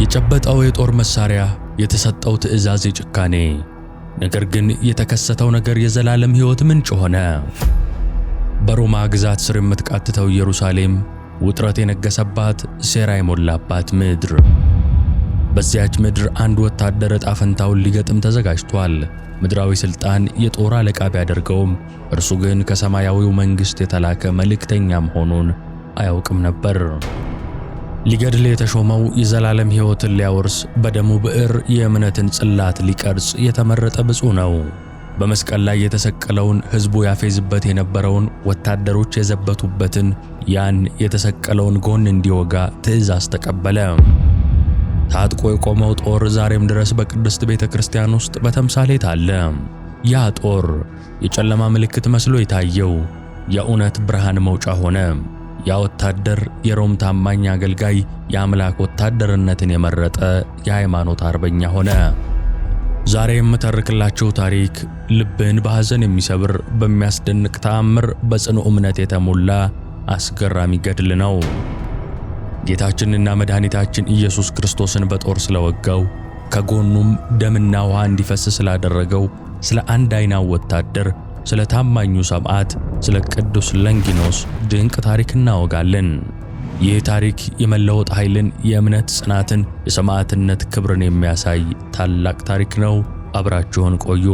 የጨበጠው የጦር መሳሪያ፣ የተሰጠው ትዕዛዝ የጭካኔ ነገር ግን የተከሰተው ነገር የዘላለም ሕይወት ምንጭ ሆነ። በሮማ ግዛት ስር የምትቃትተው ኢየሩሳሌም ውጥረት የነገሰባት፣ ሴራ የሞላባት ምድር። በዚያች ምድር አንድ ወታደር ዕጣ ፈንታውን ሊገጥም ተዘጋጅቷል። ምድራዊ ሥልጣን የጦር አለቃ ቢያደርገውም እርሱ ግን ከሰማያዊው መንግሥት የተላከ መልእክተኛ መሆኑን አያውቅም ነበር። ሊገድል የተሾመው የዘላለም ሕይወትን ሊያወርስ በደሙ ብዕር የእምነትን ጽላት ሊቀርጽ የተመረጠ ብፁ ነው። በመስቀል ላይ የተሰቀለውን ሕዝቡ ያፌዝበት የነበረውን ወታደሮች የዘበቱበትን ያን የተሰቀለውን ጎን እንዲወጋ ትእዛዝ ተቀበለ። ታጥቆ የቆመው ጦር ዛሬም ድረስ በቅድስት ቤተ ክርስቲያን ውስጥ በተምሳሌት አለ። ያ ጦር የጨለማ ምልክት መስሎ የታየው የእውነት ብርሃን መውጫ ሆነ። ያ ወታደር የሮም ታማኝ አገልጋይ፣ የአምላክ ወታደርነትን የመረጠ የሃይማኖት አርበኛ ሆነ። ዛሬ የምተርክላችሁ ታሪክ ልብን በሐዘን የሚሰብር በሚያስደንቅ ተአምር፣ በጽኑ እምነት የተሞላ አስገራሚ ገድል ነው። ጌታችንና መድኃኒታችን ኢየሱስ ክርስቶስን በጦር ስለወጋው ከጎኑም ደምና ውሃ እንዲፈስ ስላደረገው ስለ አንድ አይናው ወታደር ስለ ታማኙ ሰማዕት ስለ ቅዱስ ለንጊኖስ ድንቅ ታሪክ እናወጋለን። ይህ ታሪክ የመለወጥ ኃይልን፣ የእምነት ጽናትን፣ የሰማዕትነት ክብርን የሚያሳይ ታላቅ ታሪክ ነው። አብራችሁን ቆዩ።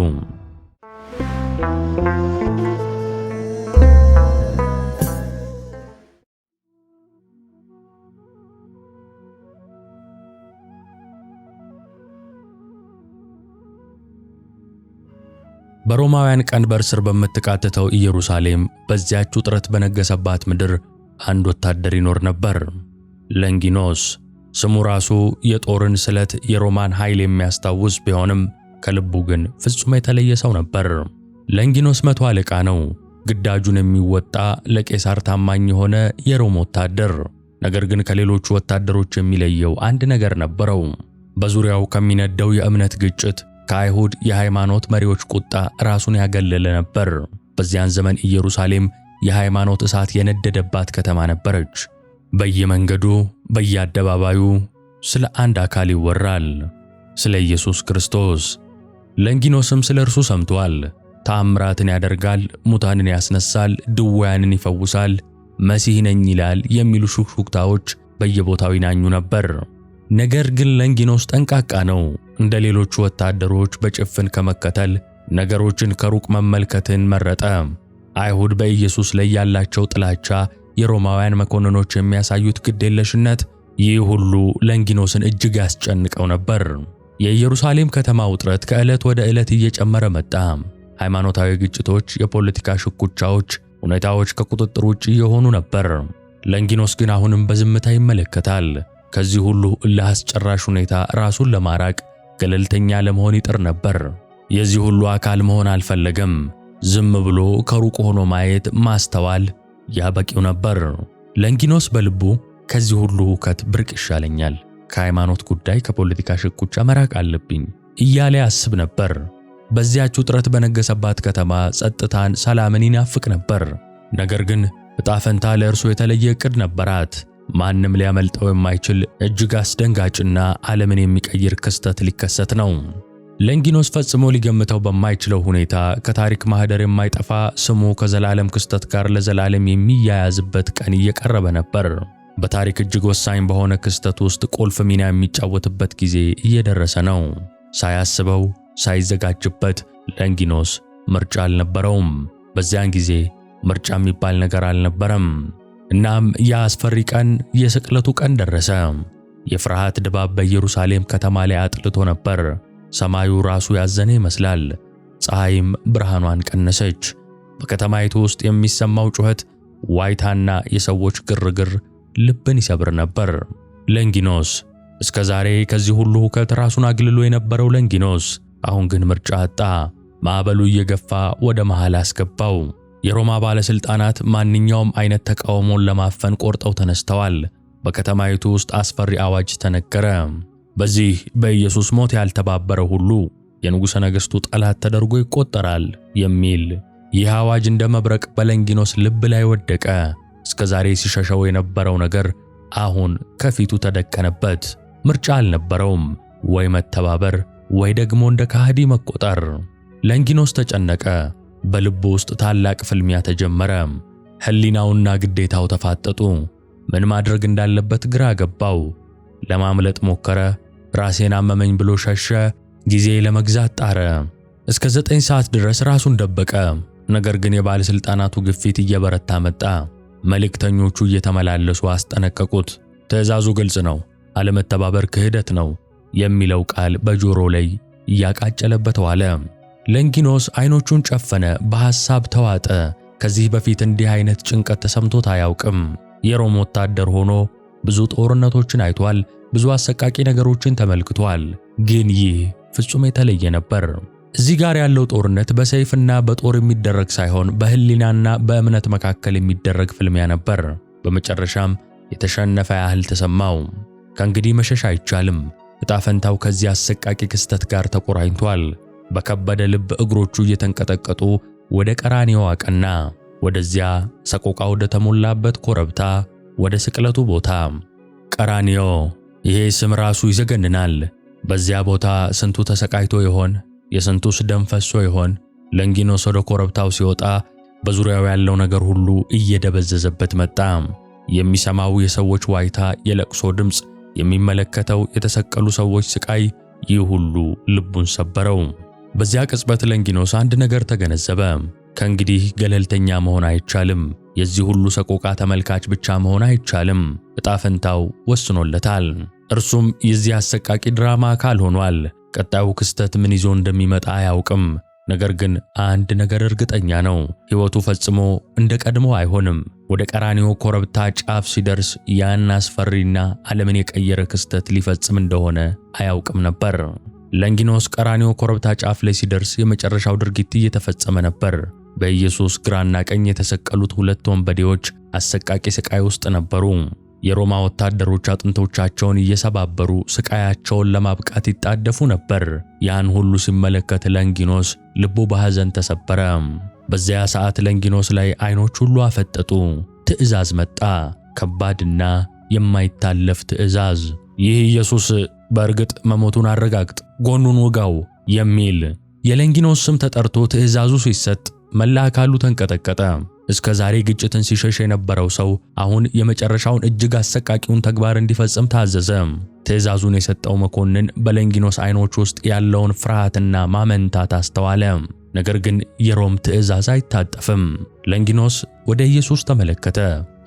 በሮማውያን ቀንበር ስር በምትቃትተው ኢየሩሳሌም በዚያች ውጥረት በነገሰባት ምድር አንድ ወታደር ይኖር ነበር፣ ለንጊኖስ። ስሙ ራሱ የጦርን ስለት፣ የሮማን ኃይል የሚያስታውስ ቢሆንም ከልቡ ግን ፍጹም የተለየ ሰው ነበር። ለንጊኖስ መቶ አለቃ ነው፣ ግዳጁን የሚወጣ ለቄሳር ታማኝ የሆነ የሮም ወታደር። ነገር ግን ከሌሎቹ ወታደሮች የሚለየው አንድ ነገር ነበረው፤ በዙሪያው ከሚነደው የእምነት ግጭት ከአይሁድ የሃይማኖት መሪዎች ቁጣ ራሱን ያገለለ ነበር። በዚያን ዘመን ኢየሩሳሌም የሃይማኖት እሳት የነደደባት ከተማ ነበረች። በየመንገዱ በየአደባባዩ ስለ አንድ አካል ይወራል፣ ስለ ኢየሱስ ክርስቶስ። ለንጊኖስም ስለ እርሱ ሰምቷል። ታምራትን ያደርጋል፣ ሙታንን ያስነሳል፣ ድውያንን ይፈውሳል፣ መሲህ ነኝ ይላል የሚሉ ሹክሹክታዎች በየቦታው ይናኙ ነበር። ነገር ግን ለንጊኖስ ጠንቃቃ ነው። እንደ ሌሎቹ ወታደሮች በጭፍን ከመከተል ነገሮችን ከሩቅ መመልከትን መረጠ። አይሁድ በኢየሱስ ላይ ያላቸው ጥላቻ፣ የሮማውያን መኮንኖች የሚያሳዩት ግዴለሽነት፣ ይህ ሁሉ ለንጊኖስን እጅግ ያስጨንቀው ነበር። የኢየሩሳሌም ከተማ ውጥረት ከዕለት ወደ ዕለት እየጨመረ መጣ። ሃይማኖታዊ ግጭቶች፣ የፖለቲካ ሽኩቻዎች፣ ሁኔታዎች ከቁጥጥር ውጭ እየሆኑ ነበር። ለንጊኖስ ግን አሁንም በዝምታ ይመለከታል። ከዚህ ሁሉ እልህ አስጨራሽ ሁኔታ ራሱን ለማራቅ ገለልተኛ ለመሆን ይጥር ነበር። የዚህ ሁሉ አካል መሆን አልፈለገም። ዝም ብሎ ከሩቅ ሆኖ ማየት፣ ማስተዋል ያበቂው ነበር። ለንጊኖስ በልቡ ከዚህ ሁሉ ሁከት ብርቅ ይሻለኛል፣ ከሃይማኖት ጉዳይ፣ ከፖለቲካ ሽኩቻ መራቅ አለብኝ እያለ ያስብ ነበር። በዚያች ውጥረት በነገሰባት ከተማ ጸጥታን፣ ሰላምን ይናፍቅ ነበር። ነገር ግን እጣፈንታ ፈንታ ለእርሱ የተለየ ዕቅድ ነበራት። ማንም ሊያመልጠው የማይችል እጅግ አስደንጋጭና ዓለምን የሚቀይር ክስተት ሊከሰት ነው። ለንጊኖስ ፈጽሞ ሊገምተው በማይችለው ሁኔታ ከታሪክ ማህደር የማይጠፋ ስሙ ከዘላለም ክስተት ጋር ለዘላለም የሚያያዝበት ቀን እየቀረበ ነበር። በታሪክ እጅግ ወሳኝ በሆነ ክስተት ውስጥ ቁልፍ ሚና የሚጫወትበት ጊዜ እየደረሰ ነው። ሳያስበው፣ ሳይዘጋጅበት ለንጊኖስ ምርጫ አልነበረውም። በዚያን ጊዜ ምርጫ የሚባል ነገር አልነበረም። እናም የአስፈሪ ቀን የስቅለቱ ቀን ደረሰ። የፍርሃት ድባብ በኢየሩሳሌም ከተማ ላይ አጥልቶ ነበር። ሰማዩ ራሱ ያዘነ ይመስላል። ፀሐይም ብርሃኗን ቀነሰች። በከተማይቱ ውስጥ የሚሰማው ጩኸት፣ ዋይታና የሰዎች ግርግር ልብን ይሰብር ነበር። ለንጊኖስ እስከ ዛሬ ከዚህ ሁሉ ሁከት ራሱን አግልሎ የነበረው ለንጊኖስ አሁን ግን ምርጫ አጣ። ማዕበሉ እየገፋ ወደ መሃል አስገባው። የሮማ ባለሥልጣናት ማንኛውም ዓይነት ተቃውሞን ለማፈን ቆርጠው ተነስተዋል። በከተማይቱ ውስጥ አስፈሪ አዋጅ ተነገረ። በዚህ በኢየሱስ ሞት ያልተባበረ ሁሉ የንጉሠ ነገሥቱ ጠላት ተደርጎ ይቆጠራል የሚል ይህ አዋጅ እንደ መብረቅ በለንጊኖስ ልብ ላይ ወደቀ። እስከ ዛሬ ሲሸሸው የነበረው ነገር አሁን ከፊቱ ተደቀነበት። ምርጫ አልነበረውም፣ ወይ መተባበር ወይ ደግሞ እንደ ካህዲ መቆጠር። ለንጊኖስ ተጨነቀ። በልቡ ውስጥ ታላቅ ፍልሚያ ተጀመረ። ሕሊናውና ግዴታው ተፋጠጡ። ምን ማድረግ እንዳለበት ግራ ገባው። ለማምለጥ ሞከረ። ራሴን አመመኝ ብሎ ሸሸ። ጊዜ ለመግዛት ጣረ። እስከ ዘጠኝ ሰዓት ድረስ ራሱን ደበቀ። ነገር ግን የባለሥልጣናቱ ግፊት እየበረታ መጣ። መልእክተኞቹ እየተመላለሱ አስጠነቀቁት። ትዕዛዙ ግልጽ ነው፣ አለመተባበር ክህደት ነው የሚለው ቃል በጆሮ ላይ እያቃጨለበት ዋለ። ለንጊኖስ አይኖቹን ጨፈነ፣ በሐሳብ ተዋጠ። ከዚህ በፊት እንዲህ አይነት ጭንቀት ተሰምቶት አያውቅም። የሮም ወታደር ሆኖ ብዙ ጦርነቶችን አይቷል፣ ብዙ አሰቃቂ ነገሮችን ተመልክቷል። ግን ይህ ፍጹም የተለየ ነበር። እዚህ ጋር ያለው ጦርነት በሰይፍና በጦር የሚደረግ ሳይሆን በሕሊናና በእምነት መካከል የሚደረግ ፍልሚያ ነበር። በመጨረሻም የተሸነፈ ያህል ተሰማው። ከእንግዲህ መሸሽ አይቻልም። እጣ ፈንታው ከዚህ አሰቃቂ ክስተት ጋር ተቆራኝቷል። በከበደ ልብ እግሮቹ እየተንቀጠቀጡ ወደ ቀራንዮ አቀና። ወደዚያ ሰቆቃ ወደ ተሞላበት ኮረብታ፣ ወደ ስቅለቱ ቦታ። ቀራኒዮ ይሄ ስም ራሱ ይዘገንናል። በዚያ ቦታ ስንቱ ተሰቃይቶ ይሆን? የስንቱስ ደም ፈሶ ይሆን? ለንጊኖስ ወደ ኮረብታው ሲወጣ በዙሪያው ያለው ነገር ሁሉ እየደበዘዘበት መጣ። የሚሰማው የሰዎች ዋይታ፣ የለቅሶ ድምፅ፣ የሚመለከተው የተሰቀሉ ሰዎች ስቃይ፣ ይህ ሁሉ ልቡን ሰበረው። በዚያ ቅጽበት ለንጊኖስ አንድ ነገር ተገነዘበ። ከእንግዲህ ገለልተኛ መሆን አይቻልም። የዚህ ሁሉ ሰቆቃ ተመልካች ብቻ መሆን አይቻልም። ዕጣ ፈንታው ወስኖለታል። እርሱም የዚህ አሰቃቂ ድራማ አካል ሆኗል። ቀጣዩ ክስተት ምን ይዞ እንደሚመጣ አያውቅም። ነገር ግን አንድ ነገር እርግጠኛ ነው፤ ሕይወቱ ፈጽሞ እንደ ቀድሞ አይሆንም። ወደ ቀራኒዮ ኮረብታ ጫፍ ሲደርስ ያን አስፈሪና ዓለምን የቀየረ ክስተት ሊፈጽም እንደሆነ አያውቅም ነበር። ለንጊኖስ ቀራኒዮ ኮረብታ ጫፍ ላይ ሲደርስ የመጨረሻው ድርጊት እየተፈጸመ ነበር። በኢየሱስ ግራና ቀኝ የተሰቀሉት ሁለት ወንበዴዎች አሰቃቂ ስቃይ ውስጥ ነበሩ። የሮማ ወታደሮች አጥንቶቻቸውን እየሰባበሩ ስቃያቸውን ለማብቃት ይጣደፉ ነበር። ያን ሁሉ ሲመለከት ለንጊኖስ ልቡ በሐዘን ተሰበረ። በዚያ ሰዓት ለንጊኖስ ላይ አይኖች ሁሉ አፈጠጡ። ትዕዛዝ መጣ፣ ከባድና የማይታለፍ ትዕዛዝ። ይህ ኢየሱስ በእርግጥ መሞቱን አረጋግጥ ጎኑን ውጋው የሚል የለንጊኖስ ስም ተጠርቶ ትዕዛዙ ሲሰጥ መላ አካሉ ተንቀጠቀጠ። እስከ ዛሬ ግጭትን ሲሸሽ የነበረው ሰው አሁን የመጨረሻውን እጅግ አሰቃቂውን ተግባር እንዲፈጽም ታዘዘ። ትዕዛዙን የሰጠው መኮንን በለንጊኖስ ዓይኖች ውስጥ ያለውን ፍርሃትና ማመንታት አስተዋለ። ነገር ግን የሮም ትዕዛዝ አይታጠፍም። ለንጊኖስ ወደ ኢየሱስ ተመለከተ።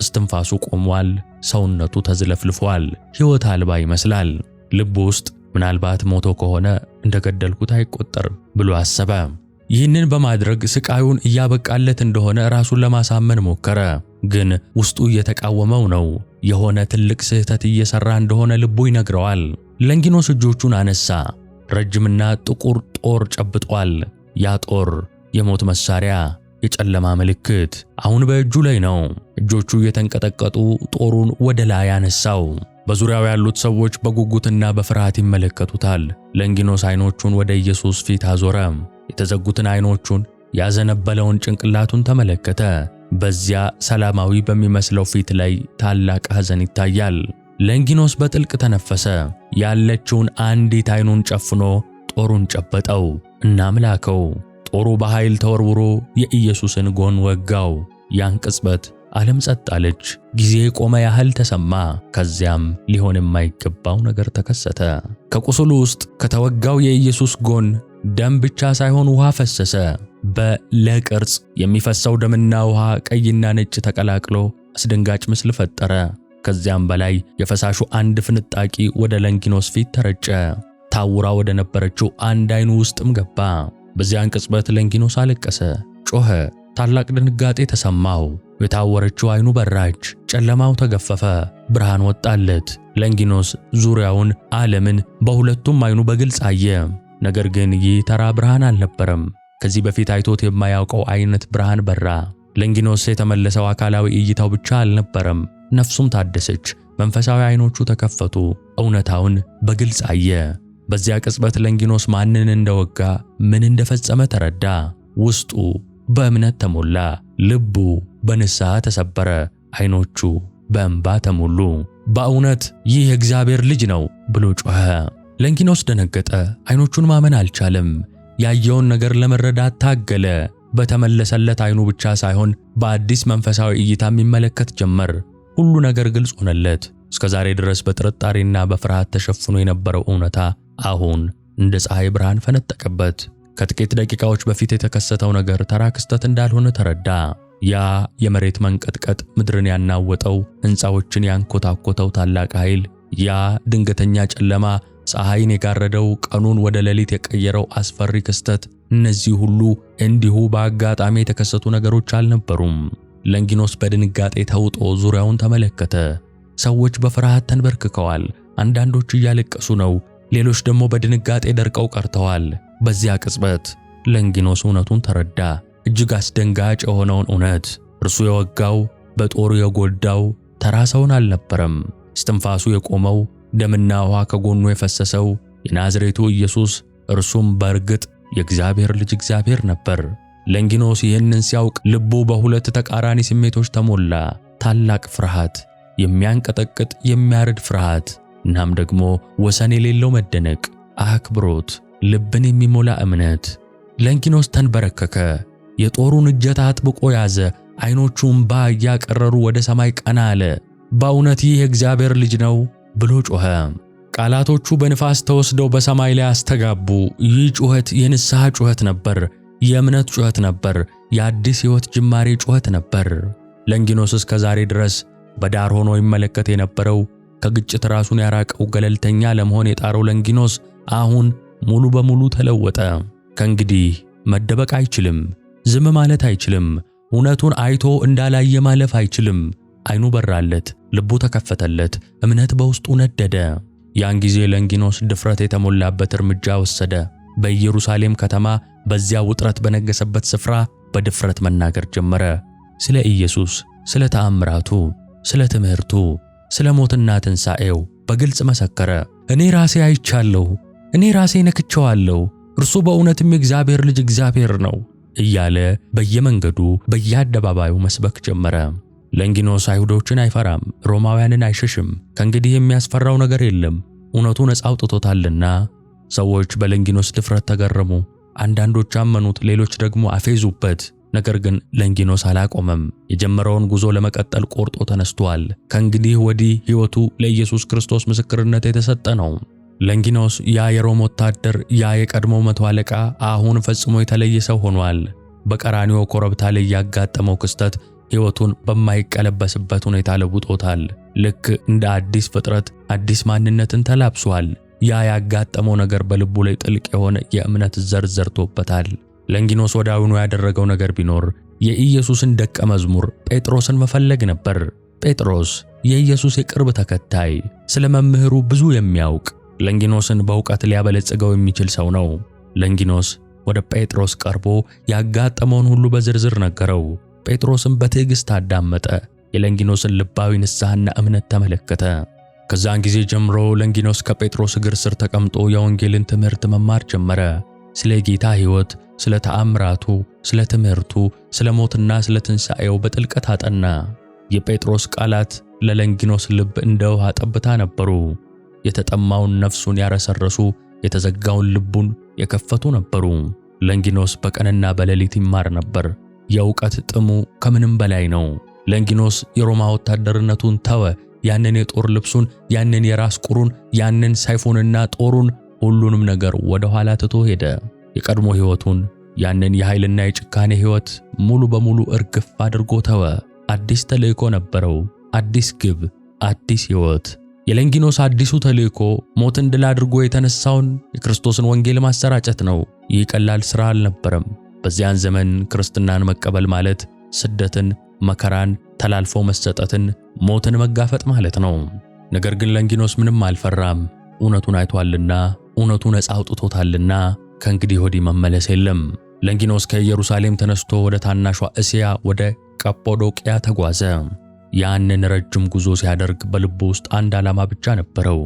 እስትንፋሱ ቆሟል፣ ሰውነቱ ተዝለፍልፏል፣ ሕይወት አልባ ይመስላል። ልቡ ውስጥ ምናልባት ሞቶ ከሆነ እንደገደልኩት አይቆጠርም ብሎ አሰበ። ይህንን በማድረግ ስቃዩን እያበቃለት እንደሆነ ራሱን ለማሳመን ሞከረ፣ ግን ውስጡ እየተቃወመው ነው። የሆነ ትልቅ ስህተት እየሰራ እንደሆነ ልቡ ይነግረዋል። ለንጊኖስ እጆቹን አነሳ። ረጅምና ጥቁር ጦር ጨብጧል። ያ ጦር የሞት መሳሪያ፣ የጨለማ ምልክት አሁን በእጁ ላይ ነው። እጆቹ እየተንቀጠቀጡ ጦሩን ወደ ላይ አነሳው። በዙሪያው ያሉት ሰዎች በጉጉትና በፍርሃት ይመለከቱታል። ለንጊኖስ ዓይኖቹን ወደ ኢየሱስ ፊት አዞረ። የተዘጉትን ዓይኖቹን፣ ያዘነበለውን ጭንቅላቱን ተመለከተ። በዚያ ሰላማዊ በሚመስለው ፊት ላይ ታላቅ ሐዘን ይታያል። ለንጊኖስ በጥልቅ ተነፈሰ። ያለችውን አንዲት ዓይኑን ጨፍኖ ጦሩን ጨበጠው እናም ላከው። ጦሩ በኃይል ተወርውሮ የኢየሱስን ጎን ወጋው። ያን ቅጽበት ዓለም ጸጥ አለች። ጊዜ የቆመ ያህል ተሰማ። ከዚያም ሊሆን የማይገባው ነገር ተከሰተ። ከቁስሉ ውስጥ ከተወጋው የኢየሱስ ጎን ደም ብቻ ሳይሆን ውሃ ፈሰሰ። በለቅርጽ የሚፈሰው ደምና ውሃ ቀይና ነጭ ተቀላቅሎ አስደንጋጭ ምስል ፈጠረ። ከዚያም በላይ የፈሳሹ አንድ ፍንጣቂ ወደ ለንጊኖስ ፊት ተረጨ። ታውራ ወደ ነበረችው አንድ ዓይኑ ውስጥም ገባ። በዚያን ቅጽበት ለንጊኖስ አለቀሰ፣ ጮኸ። ታላቅ ድንጋጤ ተሰማው። የታወረችው አይኑ በራች፣ ጨለማው ተገፈፈ፣ ብርሃን ወጣለት። ለንጊኖስ ዙሪያውን ዓለምን በሁለቱም አይኑ በግልጽ አየ። ነገር ግን ይህ ተራ ብርሃን አልነበረም። ከዚህ በፊት አይቶት የማያውቀው አይነት ብርሃን በራ። ለንጊኖስ የተመለሰው አካላዊ እይታው ብቻ አልነበረም፣ ነፍሱም ታደሰች። መንፈሳዊ አይኖቹ ተከፈቱ፣ እውነታውን በግልጽ አየ። በዚያ ቅጽበት ለንጊኖስ ማንን እንደወጋ፣ ምን እንደፈጸመ ተረዳ። ውስጡ በእምነት ተሞላ፣ ልቡ በንስሐ ተሰበረ፣ ዓይኖቹ በእንባ ተሞሉ። በእውነት ይህ የእግዚአብሔር ልጅ ነው ብሎ ጮኸ። ለንኪኖስ ደነገጠ፣ ዓይኖቹን ማመን አልቻለም። ያየውን ነገር ለመረዳት ታገለ። በተመለሰለት ዓይኑ ብቻ ሳይሆን በአዲስ መንፈሳዊ እይታ የሚመለከት ጀመር። ሁሉ ነገር ግልጽ ሆነለት። እስከ ዛሬ ድረስ በጥርጣሬና በፍርሃት ተሸፍኖ የነበረው እውነታ አሁን እንደ ፀሐይ ብርሃን ፈነጠቀበት። ከጥቂት ደቂቃዎች በፊት የተከሰተው ነገር ተራ ክስተት እንዳልሆነ ተረዳ። ያ የመሬት መንቀጥቀጥ ምድርን ያናወጠው፣ ሕንፃዎችን ያንኮታኮተው ታላቅ ኃይል፣ ያ ድንገተኛ ጨለማ፣ ፀሐይን የጋረደው፣ ቀኑን ወደ ሌሊት የቀየረው አስፈሪ ክስተት፣ እነዚህ ሁሉ እንዲሁ በአጋጣሚ የተከሰቱ ነገሮች አልነበሩም። ለንጊኖስ በድንጋጤ ተውጦ ዙሪያውን ተመለከተ። ሰዎች በፍርሃት ተንበርክከዋል። አንዳንዶች እያለቀሱ ነው፣ ሌሎች ደግሞ በድንጋጤ ደርቀው ቀርተዋል። በዚያ ቅጽበት ለንጊኖስ እውነቱን ተረዳ። እጅግ አስደንጋጭ የሆነውን እውነት እርሱ የወጋው በጦሩ የጎዳው ተራ ሰውን አልነበረም። እስትንፋሱ የቆመው ደምና ውሃ ከጎኑ የፈሰሰው የናዝሬቱ ኢየሱስ እርሱም በእርግጥ የእግዚአብሔር ልጅ እግዚአብሔር ነበር። ለንጊኖስ ይህንን ሲያውቅ ልቡ በሁለት ተቃራኒ ስሜቶች ተሞላ። ታላቅ ፍርሃት፣ የሚያንቀጠቅጥ የሚያርድ ፍርሃት፣ እናም ደግሞ ወሰን የሌለው መደነቅ፣ አክብሮት፣ ልብን የሚሞላ እምነት። ለንጊኖስ ተንበረከከ። የጦሩን እጀታ አጥብቆ ያዘ። ዓይኖቹም ባ እያቀረሩ ወደ ሰማይ ቀና አለ። በእውነት ይህ የእግዚአብሔር ልጅ ነው ብሎ ጮኸ። ቃላቶቹ በንፋስ ተወስደው በሰማይ ላይ አስተጋቡ። ይህ ጩኸት የንስሐ ጩኸት ነበር፣ የእምነት ጩኸት ነበር፣ የአዲስ ሕይወት ጅማሬ ጩኸት ነበር። ለንጊኖስ እስከ ዛሬ ድረስ በዳር ሆኖ ይመለከት የነበረው ከግጭት ራሱን ያራቀው ገለልተኛ ለመሆን የጣረው ለንጊኖስ አሁን ሙሉ በሙሉ ተለወጠ። ከእንግዲህ መደበቅ አይችልም። ዝም ማለት አይችልም። እውነቱን አይቶ እንዳላየ ማለፍ አይችልም። አይኑ በራለት፣ ልቡ ተከፈተለት፣ እምነት በውስጡ ነደደ። ያን ጊዜ ለንጊኖስ ድፍረት የተሞላበት እርምጃ ወሰደ። በኢየሩሳሌም ከተማ በዚያ ውጥረት በነገሰበት ስፍራ በድፍረት መናገር ጀመረ። ስለ ኢየሱስ፣ ስለ ተአምራቱ፣ ስለ ትምህርቱ፣ ስለ ሞትና ትንሣኤው በግልጽ መሰከረ። እኔ ራሴ አይቻለሁ፣ እኔ ራሴ ነክቼዋለሁ፣ እርሱ በእውነትም የእግዚአብሔር ልጅ እግዚአብሔር ነው እያለ በየመንገዱ በየአደባባዩ መስበክ ጀመረ። ለንጊኖስ አይሁዶችን አይፈራም፣ ሮማውያንን አይሸሽም። ከእንግዲህ የሚያስፈራው ነገር የለም፣ እውነቱ ነፃ አውጥቶታልና። ሰዎች በለንጊኖስ ድፍረት ተገረሙ። አንዳንዶች አመኑት፣ ሌሎች ደግሞ አፌዙበት። ነገር ግን ለንጊኖስ አላቆመም። የጀመረውን ጉዞ ለመቀጠል ቆርጦ ተነስቷል። ከእንግዲህ ወዲህ ሕይወቱ ለኢየሱስ ክርስቶስ ምስክርነት የተሰጠ ነው። ለንጊኖስ ያ የሮም ወታደር ያ የቀድሞ መቶ አለቃ አሁን ፈጽሞ የተለየ ሰው ሆኗል። በቀራኒዮ ኮረብታ ላይ ያጋጠመው ክስተት ሕይወቱን በማይቀለበስበት ሁኔታ ለውጦታል። ልክ እንደ አዲስ ፍጥረት አዲስ ማንነትን ተላብሷል። ያ ያጋጠመው ነገር በልቡ ላይ ጥልቅ የሆነ የእምነት ዘር ዘርቶበታል። ለንጊኖስ ወዲያውኑ ያደረገው ነገር ቢኖር የኢየሱስን ደቀ መዝሙር ጴጥሮስን መፈለግ ነበር። ጴጥሮስ የኢየሱስ የቅርብ ተከታይ፣ ስለ መምህሩ ብዙ የሚያውቅ ለንጊኖስን በእውቀት ሊያበለጽገው የሚችል ሰው ነው። ለንጊኖስ ወደ ጴጥሮስ ቀርቦ ያጋጠመውን ሁሉ በዝርዝር ነገረው። ጴጥሮስም በትዕግሥት አዳመጠ። የለንጊኖስን ልባዊ ንስሐና እምነት ተመለከተ። ከዛን ጊዜ ጀምሮ ለንጊኖስ ከጴጥሮስ እግር ስር ተቀምጦ የወንጌልን ትምህርት መማር ጀመረ። ስለ ጌታ ሕይወት፣ ስለ ተአምራቱ፣ ስለ ትምህርቱ፣ ስለ ሞትና ስለ ትንሣኤው በጥልቀት አጠና። የጴጥሮስ ቃላት ለለንጊኖስ ልብ እንደ ውሃ ጠብታ ነበሩ። የተጠማውን ነፍሱን ያረሰረሱ፣ የተዘጋውን ልቡን የከፈቱ ነበሩ። ለንጊኖስ በቀንና በሌሊት ይማር ነበር። የእውቀት ጥሙ ከምንም በላይ ነው። ለንጊኖስ የሮማ ወታደርነቱን ተወ። ያንን የጦር ልብሱን፣ ያንን የራስ ቁሩን፣ ያንን ሰይፉንና ጦሩን፣ ሁሉንም ነገር ወደ ኋላ ትቶ ሄደ። የቀድሞ ሕይወቱን ያንን የኃይልና የጭካኔ ሕይወት ሙሉ በሙሉ እርግፍ አድርጎ ተወ። አዲስ ተልእኮ ነበረው፣ አዲስ ግብ፣ አዲስ ሕይወት። የለንጊኖስ አዲሱ ተልእኮ ሞትን ድል አድርጎ የተነሳውን የክርስቶስን ወንጌል ማሰራጨት ነው። ይህ ቀላል ሥራ አልነበረም። በዚያን ዘመን ክርስትናን መቀበል ማለት ስደትን፣ መከራን፣ ተላልፎ መሰጠትን፣ ሞትን መጋፈጥ ማለት ነው። ነገር ግን ለንጊኖስ ምንም አልፈራም። እውነቱን አይቷልና፣ እውነቱ ነፃ አውጥቶታልና ከእንግዲህ ወዲህ መመለስ የለም። ለንጊኖስ ከኢየሩሳሌም ተነስቶ ወደ ታናሿ እስያ ወደ ቀጶዶቅያ ተጓዘ። ያንን ረጅም ጉዞ ሲያደርግ በልቡ ውስጥ አንድ ዓላማ ብቻ ነበረው፤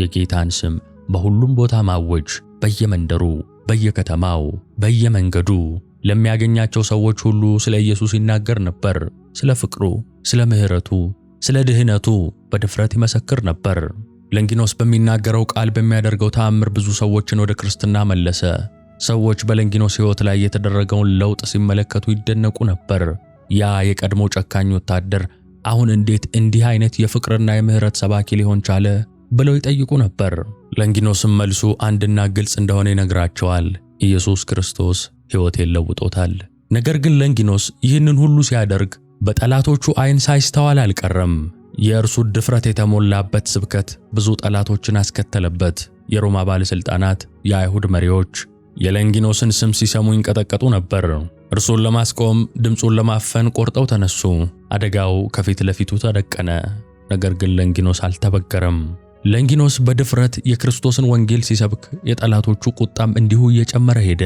የጌታን ስም በሁሉም ቦታ ማወጅ። በየመንደሩ፣ በየከተማው፣ በየመንገዱ ለሚያገኛቸው ሰዎች ሁሉ ስለ ኢየሱስ ይናገር ነበር። ስለ ፍቅሩ፣ ስለ ምሕረቱ፣ ስለ ድህነቱ በድፍረት ይመሰክር ነበር። ለንጊኖስ በሚናገረው ቃል በሚያደርገው ተአምር ብዙ ሰዎችን ወደ ክርስትና መለሰ። ሰዎች በለንጊኖስ ሕይወት ላይ የተደረገውን ለውጥ ሲመለከቱ ይደነቁ ነበር። ያ የቀድሞ ጨካኝ ወታደር አሁን እንዴት እንዲህ አይነት የፍቅርና የምህረት ሰባኪ ሊሆን ቻለ ብለው ይጠይቁ ነበር። ለንጊኖስም መልሱ አንድና ግልጽ እንደሆነ ይነግራቸዋል። ኢየሱስ ክርስቶስ ሕይወቴን ለውጦታል። ነገር ግን ለንጊኖስ ይህንን ሁሉ ሲያደርግ በጠላቶቹ ዓይን ሳይስተዋል አልቀረም። የእርሱ ድፍረት የተሞላበት ስብከት ብዙ ጠላቶችን አስከተለበት። የሮማ ባለሥልጣናት፣ የአይሁድ መሪዎች፣ የለንጊኖስን ስም ሲሰሙ ይንቀጠቀጡ ነበር። እርሱን ለማስቆም ድምፁን ለማፈን ቆርጠው ተነሱ። አደጋው ከፊት ለፊቱ ተደቀነ። ነገር ግን ለንጊኖስ አልተበገረም። ለንጊኖስ በድፍረት የክርስቶስን ወንጌል ሲሰብክ የጠላቶቹ ቁጣም እንዲሁ እየጨመረ ሄደ።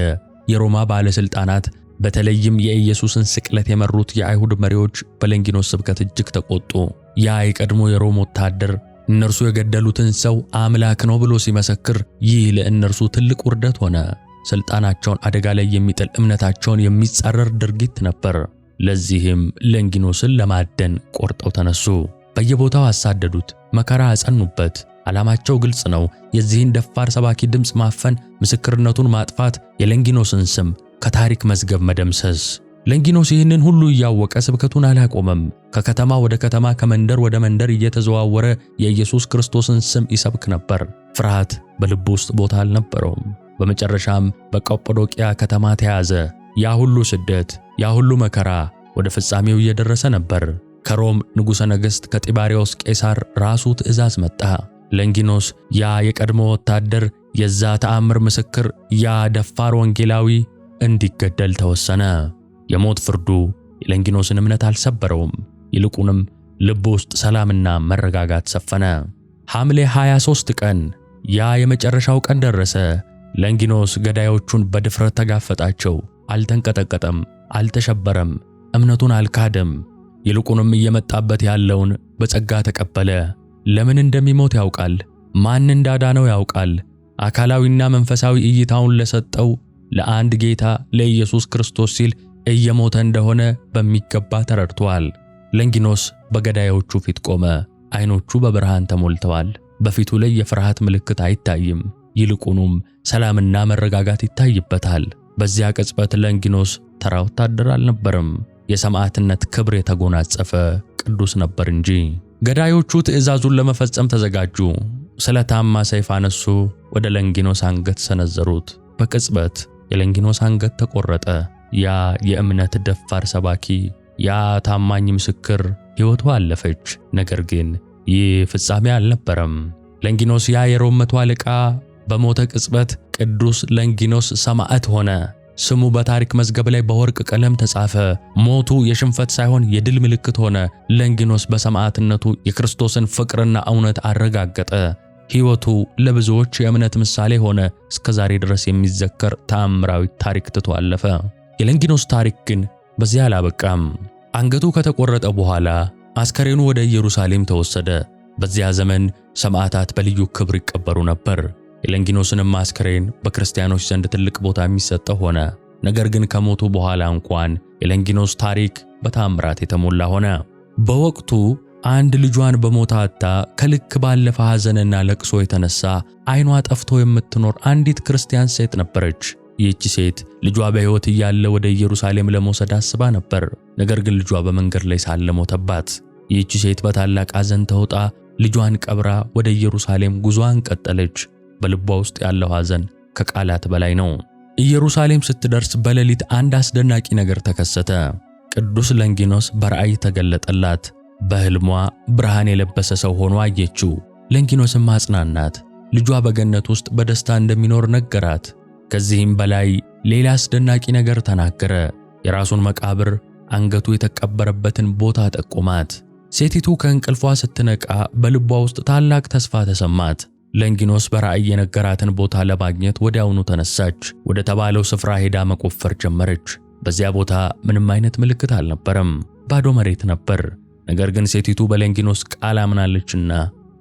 የሮማ ባለሥልጣናት በተለይም የኢየሱስን ስቅለት የመሩት የአይሁድ መሪዎች በለንጊኖስ ስብከት እጅግ ተቆጡ። ያ የቀድሞ የሮም ወታደር እነርሱ የገደሉትን ሰው አምላክ ነው ብሎ ሲመሰክር፣ ይህ ለእነርሱ ትልቅ ውርደት ሆነ። ስልጣናቸውን አደጋ ላይ የሚጥል እምነታቸውን የሚጻረር ድርጊት ነበር። ለዚህም ለንጊኖስን ለማደን ቆርጠው ተነሱ። በየቦታው አሳደዱት፣ መከራ አጸኑበት። ዓላማቸው ግልጽ ነው። የዚህን ደፋር ሰባኪ ድምፅ ማፈን፣ ምስክርነቱን ማጥፋት፣ የለንጊኖስን ስም ከታሪክ መዝገብ መደምሰስ። ለንጊኖስ ይህንን ሁሉ እያወቀ ስብከቱን አላቆመም። ከከተማ ወደ ከተማ፣ ከመንደር ወደ መንደር እየተዘዋወረ የኢየሱስ ክርስቶስን ስም ይሰብክ ነበር። ፍርሃት በልቡ ውስጥ ቦታ አልነበረውም። በመጨረሻም በቀጶዶቅያ ከተማ ተያዘ። ያ ሁሉ ስደት፣ ያ ሁሉ መከራ ወደ ፍጻሜው እየደረሰ ነበር። ከሮም ንጉሠ ነገሥት ከጢባሪዎስ ቄሳር ራሱ ትእዛዝ መጣ። ለንጊኖስ፣ ያ የቀድሞ ወታደር፣ የዛ ተአምር ምስክር፣ ያ ደፋር ወንጌላዊ እንዲገደል ተወሰነ። የሞት ፍርዱ የለንጊኖስን እምነት አልሰበረውም። ይልቁንም ልብ ውስጥ ሰላምና መረጋጋት ሰፈነ። ሐምሌ 23 ቀን ያ የመጨረሻው ቀን ደረሰ። ለንጊኖስ ገዳዮቹን በድፍረት ተጋፈጣቸው። አልተንቀጠቀጠም፣ አልተሸበረም፣ እምነቱን አልካደም። ይልቁንም እየመጣበት ያለውን በጸጋ ተቀበለ። ለምን እንደሚሞት ያውቃል። ማን እንዳዳነው ያውቃል። አካላዊና መንፈሳዊ እይታውን ለሰጠው ለአንድ ጌታ ለኢየሱስ ክርስቶስ ሲል እየሞተ እንደሆነ በሚገባ ተረድቷል። ለንጊኖስ በገዳዮቹ ፊት ቆመ። ዓይኖቹ በብርሃን ተሞልተዋል። በፊቱ ላይ የፍርሃት ምልክት አይታይም። ይልቁኑም ሰላምና መረጋጋት ይታይበታል። በዚያ ቅጽበት ለንጊኖስ ተራ ወታደር አልነበረም፤ የሰማዕትነት ክብር የተጎናጸፈ ቅዱስ ነበር እንጂ። ገዳዮቹ ትዕዛዙን ለመፈጸም ተዘጋጁ። ስለታማ ሰይፍ አነሱ፣ ወደ ለንጊኖስ አንገት ሰነዘሩት። በቅጽበት የለንጊኖስ አንገት ተቆረጠ። ያ የእምነት ደፋር ሰባኪ፣ ያ ታማኝ ምስክር ሕይወቱ አለፈች። ነገር ግን ይህ ፍጻሜ አልነበረም። ለንጊኖስ ያ የሮም መቶ አለቃ በሞተ ቅጽበት ቅዱስ ለንጊኖስ ሰማዕት ሆነ። ስሙ በታሪክ መዝገብ ላይ በወርቅ ቀለም ተጻፈ። ሞቱ የሽንፈት ሳይሆን የድል ምልክት ሆነ። ለንጊኖስ በሰማዕትነቱ የክርስቶስን ፍቅርና እውነት አረጋገጠ። ሕይወቱ ለብዙዎች የእምነት ምሳሌ ሆነ። እስከ ዛሬ ድረስ የሚዘከር ተአምራዊ ታሪክ ትቶ አለፈ። የለንጊኖስ ታሪክ ግን በዚያ አላበቃም። አንገቱ ከተቆረጠ በኋላ አስከሬኑ ወደ ኢየሩሳሌም ተወሰደ። በዚያ ዘመን ሰማዕታት በልዩ ክብር ይቀበሩ ነበር። የለንጊኖስንም አስክሬን በክርስቲያኖች ዘንድ ትልቅ ቦታ የሚሰጠው ሆነ። ነገር ግን ከሞቱ በኋላ እንኳን የለንጊኖስ ታሪክ በታምራት የተሞላ ሆነ። በወቅቱ አንድ ልጇን በሞት አጥታ ከልክ ባለፈ ሐዘንና ለቅሶ የተነሳ ዓይኗ ጠፍቶ የምትኖር አንዲት ክርስቲያን ሴት ነበረች። ይህቺ ሴት ልጇ በሕይወት እያለ ወደ ኢየሩሳሌም ለመውሰድ አስባ ነበር። ነገር ግን ልጇ በመንገድ ላይ ሳለ ሞተባት። ይህቺ ሴት በታላቅ ሐዘን ተውጣ ልጇን ቀብራ ወደ ኢየሩሳሌም ጉዞዋን ቀጠለች። በልቧ ውስጥ ያለው ሐዘን ከቃላት በላይ ነው። ኢየሩሳሌም ስትደርስ በሌሊት አንድ አስደናቂ ነገር ተከሰተ። ቅዱስ ለንጊኖስ በራእይ ተገለጠላት። በሕልሟ ብርሃን የለበሰ ሰው ሆኖ አየችው። ለንጊኖስም አጽናናት፣ ልጇ በገነት ውስጥ በደስታ እንደሚኖር ነገራት። ከዚህም በላይ ሌላ አስደናቂ ነገር ተናገረ። የራሱን መቃብር አንገቱ የተቀበረበትን ቦታ ጠቁማት። ሴቲቱ ከእንቅልፏ ስትነቃ በልቧ ውስጥ ታላቅ ተስፋ ተሰማት። ለንጊኖስ በራእይ የነገራትን ቦታ ለማግኘት ወዲያውኑ ተነሳች። ወደ ተባለው ስፍራ ሄዳ መቆፈር ጀመረች። በዚያ ቦታ ምንም አይነት ምልክት አልነበረም፣ ባዶ መሬት ነበር። ነገር ግን ሴቲቱ በለንጊኖስ ቃል አምናለችና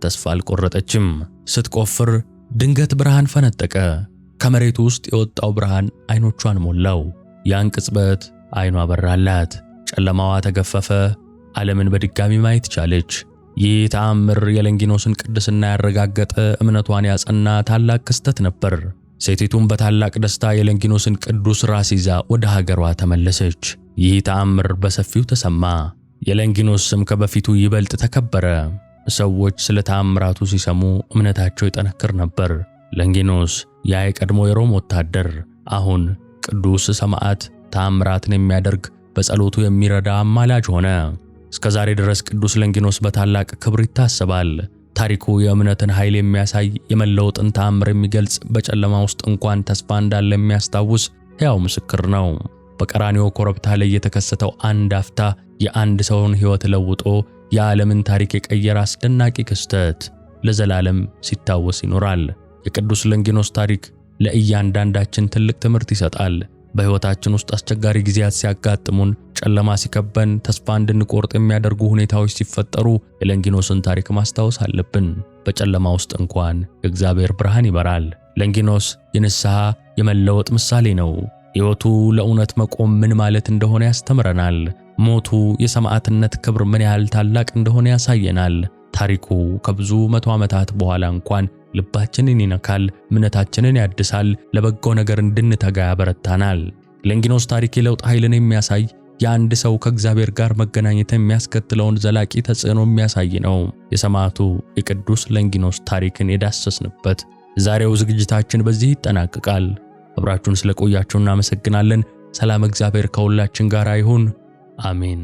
ተስፋ አልቆረጠችም። ስትቆፍር ድንገት ብርሃን ፈነጠቀ። ከመሬቱ ውስጥ የወጣው ብርሃን አይኖቿን ሞላው። ያን ቅጽበት አይኗ በራላት፣ ጨለማዋ ተገፈፈ። ዓለምን በድጋሚ ማየት ቻለች። ይህ ተአምር የለንጊኖስን ቅድስና ያረጋገጠ፣ እምነቷን ያጸና ታላቅ ክስተት ነበር። ሴቲቱም በታላቅ ደስታ የለንጊኖስን ቅዱስ ራስ ይዛ ወደ ሀገሯ ተመለሰች። ይህ ተአምር በሰፊው ተሰማ። የለንጊኖስ ስም ከበፊቱ ይበልጥ ተከበረ። ሰዎች ስለ ተአምራቱ ሲሰሙ እምነታቸው ይጠነክር ነበር። ለንጊኖስ፣ ያ የቀድሞ የሮም ወታደር፣ አሁን ቅዱስ ሰማዕት፣ ተአምራትን የሚያደርግ በጸሎቱ የሚረዳ አማላጅ ሆነ። እስከ ዛሬ ድረስ ቅዱስ ለንጊኖስ በታላቅ ክብር ይታሰባል። ታሪኩ የእምነትን ኃይል የሚያሳይ የመለወጥን ተአምር የሚገልጽ በጨለማ ውስጥ እንኳን ተስፋ እንዳለ የሚያስታውስ ሕያው ምስክር ነው። በቀራኒዮ ኮረብታ ላይ የተከሰተው አንድ አፍታ የአንድ ሰውን ሕይወት ለውጦ የዓለምን ታሪክ የቀየረ አስደናቂ ክስተት ለዘላለም ሲታወስ ይኖራል። የቅዱስ ለንጊኖስ ታሪክ ለእያንዳንዳችን ትልቅ ትምህርት ይሰጣል። በሕይወታችን ውስጥ አስቸጋሪ ጊዜያት ሲያጋጥሙን፣ ጨለማ ሲከበን፣ ተስፋ እንድንቆርጥ የሚያደርጉ ሁኔታዎች ሲፈጠሩ የለንጊኖስን ታሪክ ማስታወስ አለብን። በጨለማ ውስጥ እንኳን የእግዚአብሔር ብርሃን ይበራል። ለንጊኖስ የንስሐ የመለወጥ ምሳሌ ነው። ሕይወቱ ለእውነት መቆም ምን ማለት እንደሆነ ያስተምረናል። ሞቱ የሰማዕትነት ክብር ምን ያህል ታላቅ እንደሆነ ያሳየናል። ታሪኩ ከብዙ መቶ ዓመታት በኋላ እንኳን ልባችንን ይነካል፣ እምነታችንን ያድሳል፣ ለበጎ ነገር እንድንተጋ ያበረታናል። ለንጊኖስ ታሪክ የለውጥ ኃይልን የሚያሳይ የአንድ ሰው ከእግዚአብሔር ጋር መገናኘት የሚያስከትለውን ዘላቂ ተጽዕኖ የሚያሳይ ነው። የሰማዕቱ የቅዱስ ለንጊኖስ ታሪክን የዳሰስንበት ዛሬው ዝግጅታችን በዚህ ይጠናቀቃል። አብራችሁን ስለቆያችሁ እናመሰግናለን። ሰላም፣ እግዚአብሔር ከሁላችን ጋር ይሁን። አሜን።